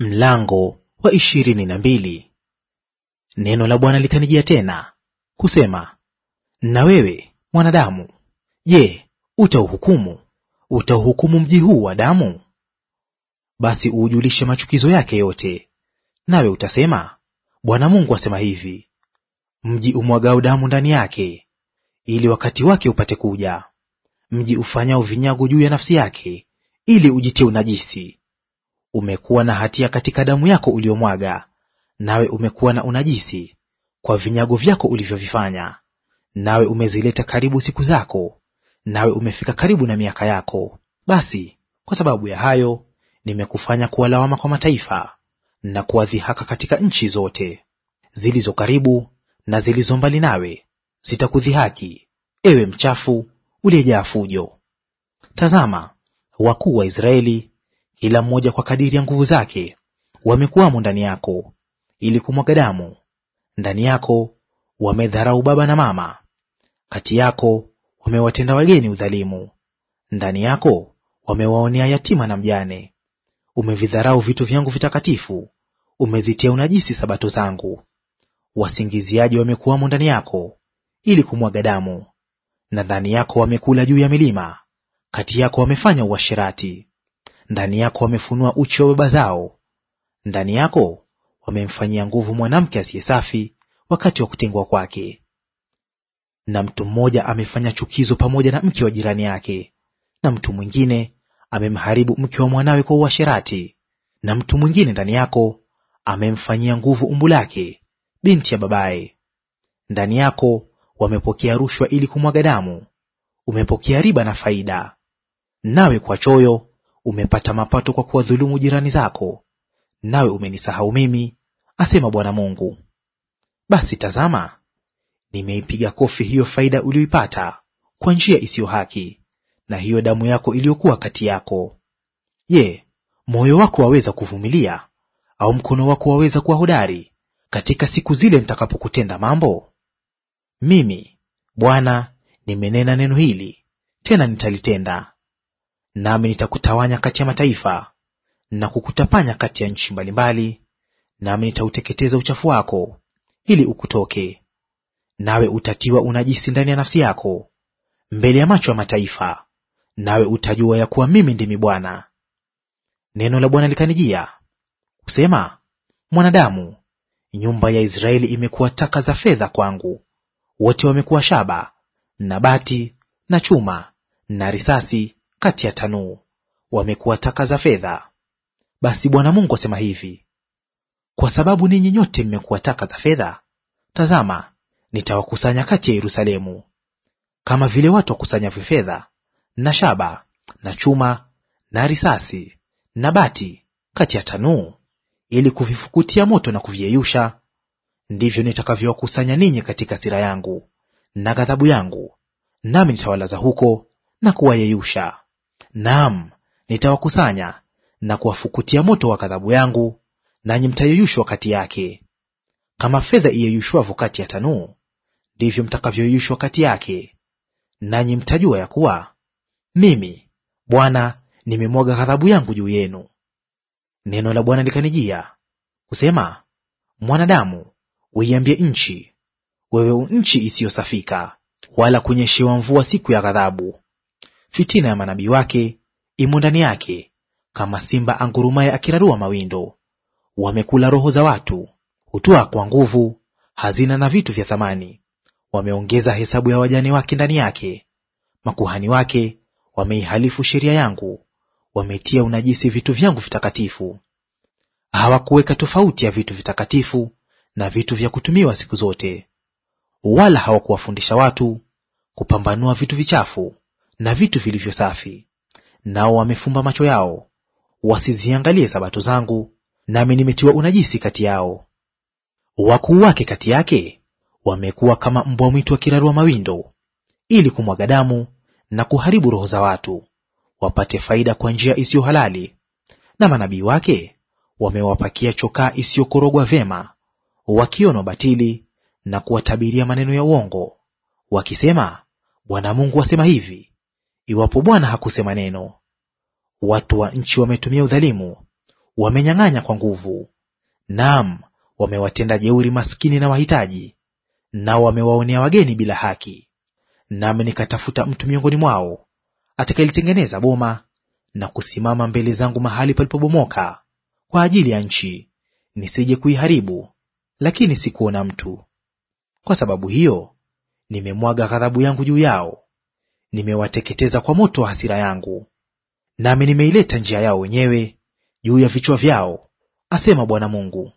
Mlango wa ishirini na mbili. Neno la Bwana likanijia tena kusema, na wewe mwanadamu, je, utauhukumu? Utauhukumu mji huu wa damu? Basi uujulishe machukizo yake yote. Nawe utasema, Bwana Mungu asema hivi, mji umwagao damu ndani yake, ili wakati wake upate kuja, mji ufanyao vinyago juu ya nafsi yake, ili ujitie unajisi Umekuwa na hatia katika damu yako uliyomwaga, nawe umekuwa na unajisi kwa vinyago vyako ulivyovifanya. Nawe umezileta karibu siku zako, nawe umefika karibu na miaka yako. Basi kwa sababu ya hayo nimekufanya kuwa lawama kwa mataifa na kuwadhihaka katika nchi zote. Zilizo karibu na zilizo mbali nawe zitakudhihaki, ewe mchafu uliyejaa fujo. Tazama, wakuu wa Israeli kila mmoja kwa kadiri ya nguvu zake wamekuwamo ndani yako ili kumwaga damu. Ndani yako wamedharau baba na mama, kati yako wamewatenda wageni udhalimu, ndani yako wamewaonea yatima na mjane. Umevidharau vitu vyangu vitakatifu, umezitia unajisi sabato zangu. Wasingiziaji wamekuwamo ndani yako ili kumwaga damu, na ndani yako wamekula juu ya milima, kati yako wamefanya uasherati. Ndani yako wamefunua uchi wa baba zao, ndani yako wamemfanyia nguvu mwanamke asiye safi wakati wa kutengwa kwake. Na mtu mmoja amefanya chukizo pamoja na mke wa jirani yake, na mtu mwingine amemharibu mke wa mwanawe kwa uasherati, na mtu mwingine ndani yako amemfanyia nguvu umbu lake, binti ya babaye. Ndani yako wamepokea rushwa ili kumwaga damu, umepokea riba na faida. Nawe kwa choyo umepata mapato kwa kuwadhulumu jirani zako, nawe umenisahau mimi, asema Bwana Mungu. Basi tazama, nimeipiga kofi hiyo faida uliyoipata kwa njia isiyo haki, na hiyo damu yako iliyokuwa kati yako. Je, moyo wako waweza kuvumilia? Au mkono wako waweza kuwa hodari katika siku zile nitakapokutenda mambo? Mimi Bwana nimenena neno hili, tena nitalitenda, Nami nitakutawanya kati ya mataifa na kukutapanya kati ya nchi mbalimbali, nami nitauteketeza uchafu wako ili ukutoke, nawe utatiwa unajisi ndani ya nafsi yako mbele ya macho ya mataifa, nawe utajua ya kuwa mimi ndimi Bwana. Neno la Bwana likanijia kusema, mwanadamu, nyumba ya Israeli imekuwa taka za fedha kwangu, wote wamekuwa shaba na bati na chuma na risasi kati ya tanuu, wamekuwa taka za fedha. Basi Bwana Mungu asema hivi, kwa sababu ninyi nyote mmekuwa taka za fedha, tazama, nitawakusanya kati ya Yerusalemu kama vile watu wakusanyavyo fedha na shaba na chuma na risasi na bati kati ya tanuu, ili kuvifukutia moto na kuviyeyusha, ndivyo nitakavyowakusanya ninyi katika sira yangu na ghadhabu yangu, nami nitawalaza huko na kuwayeyusha. Naam, nitawakusanya na kuwafukutia moto wa ghadhabu yangu, nanyi mtayeyushwa kati yake. Kama fedha iyeyushwavyo kati ya tanuu, ndivyo mtakavyoyeyushwa kati yake. Nanyi mtajua ya kuwa mimi Bwana nimemwaga ghadhabu yangu juu yenu. Neno la Bwana likanijia kusema, mwanadamu, uiambie nchi, wewe nchi isiyosafika, wala kunyeshewa mvua siku ya ghadhabu, Fitina ya manabii wake imo ndani yake, kama simba angurumaye akirarua mawindo. Wamekula roho za watu, hutoa kwa nguvu hazina na vitu vya thamani. Wameongeza hesabu ya wajane wake ndani yake. Makuhani wake wameihalifu sheria yangu, wametia unajisi vitu vyangu vitakatifu. Hawakuweka tofauti ya vitu vitakatifu na vitu vya kutumiwa siku zote, wala hawakuwafundisha watu kupambanua vitu vichafu na vitu vilivyo safi, nao wamefumba macho yao wasiziangalie sabato zangu, nami nimetiwa unajisi kati yao. Wakuu wake kati yake wamekuwa kama mbwa mwitu wakirarua mawindo, ili kumwaga damu na kuharibu roho za watu, wapate faida kwa njia isiyo halali. Na manabii wake wamewapakia chokaa isiyokorogwa vyema, wakiona batili na kuwatabiria maneno ya uongo, wakisema, Bwana Mungu asema hivi, iwapo Bwana hakusema neno. Watu wa nchi wametumia udhalimu, wamenyang'anya kwa nguvu. Naam, wamewatenda jeuri maskini na wahitaji, nao wamewaonea wageni bila haki. Nami nikatafuta mtu miongoni mwao atakayelitengeneza boma na kusimama mbele zangu mahali palipobomoka kwa ajili ya nchi, nisije kuiharibu, lakini sikuona mtu. Kwa sababu hiyo nimemwaga ghadhabu yangu juu yao nimewateketeza kwa moto wa hasira yangu, nami nimeileta njia yao wenyewe juu ya vichwa vyao, asema Bwana Mungu.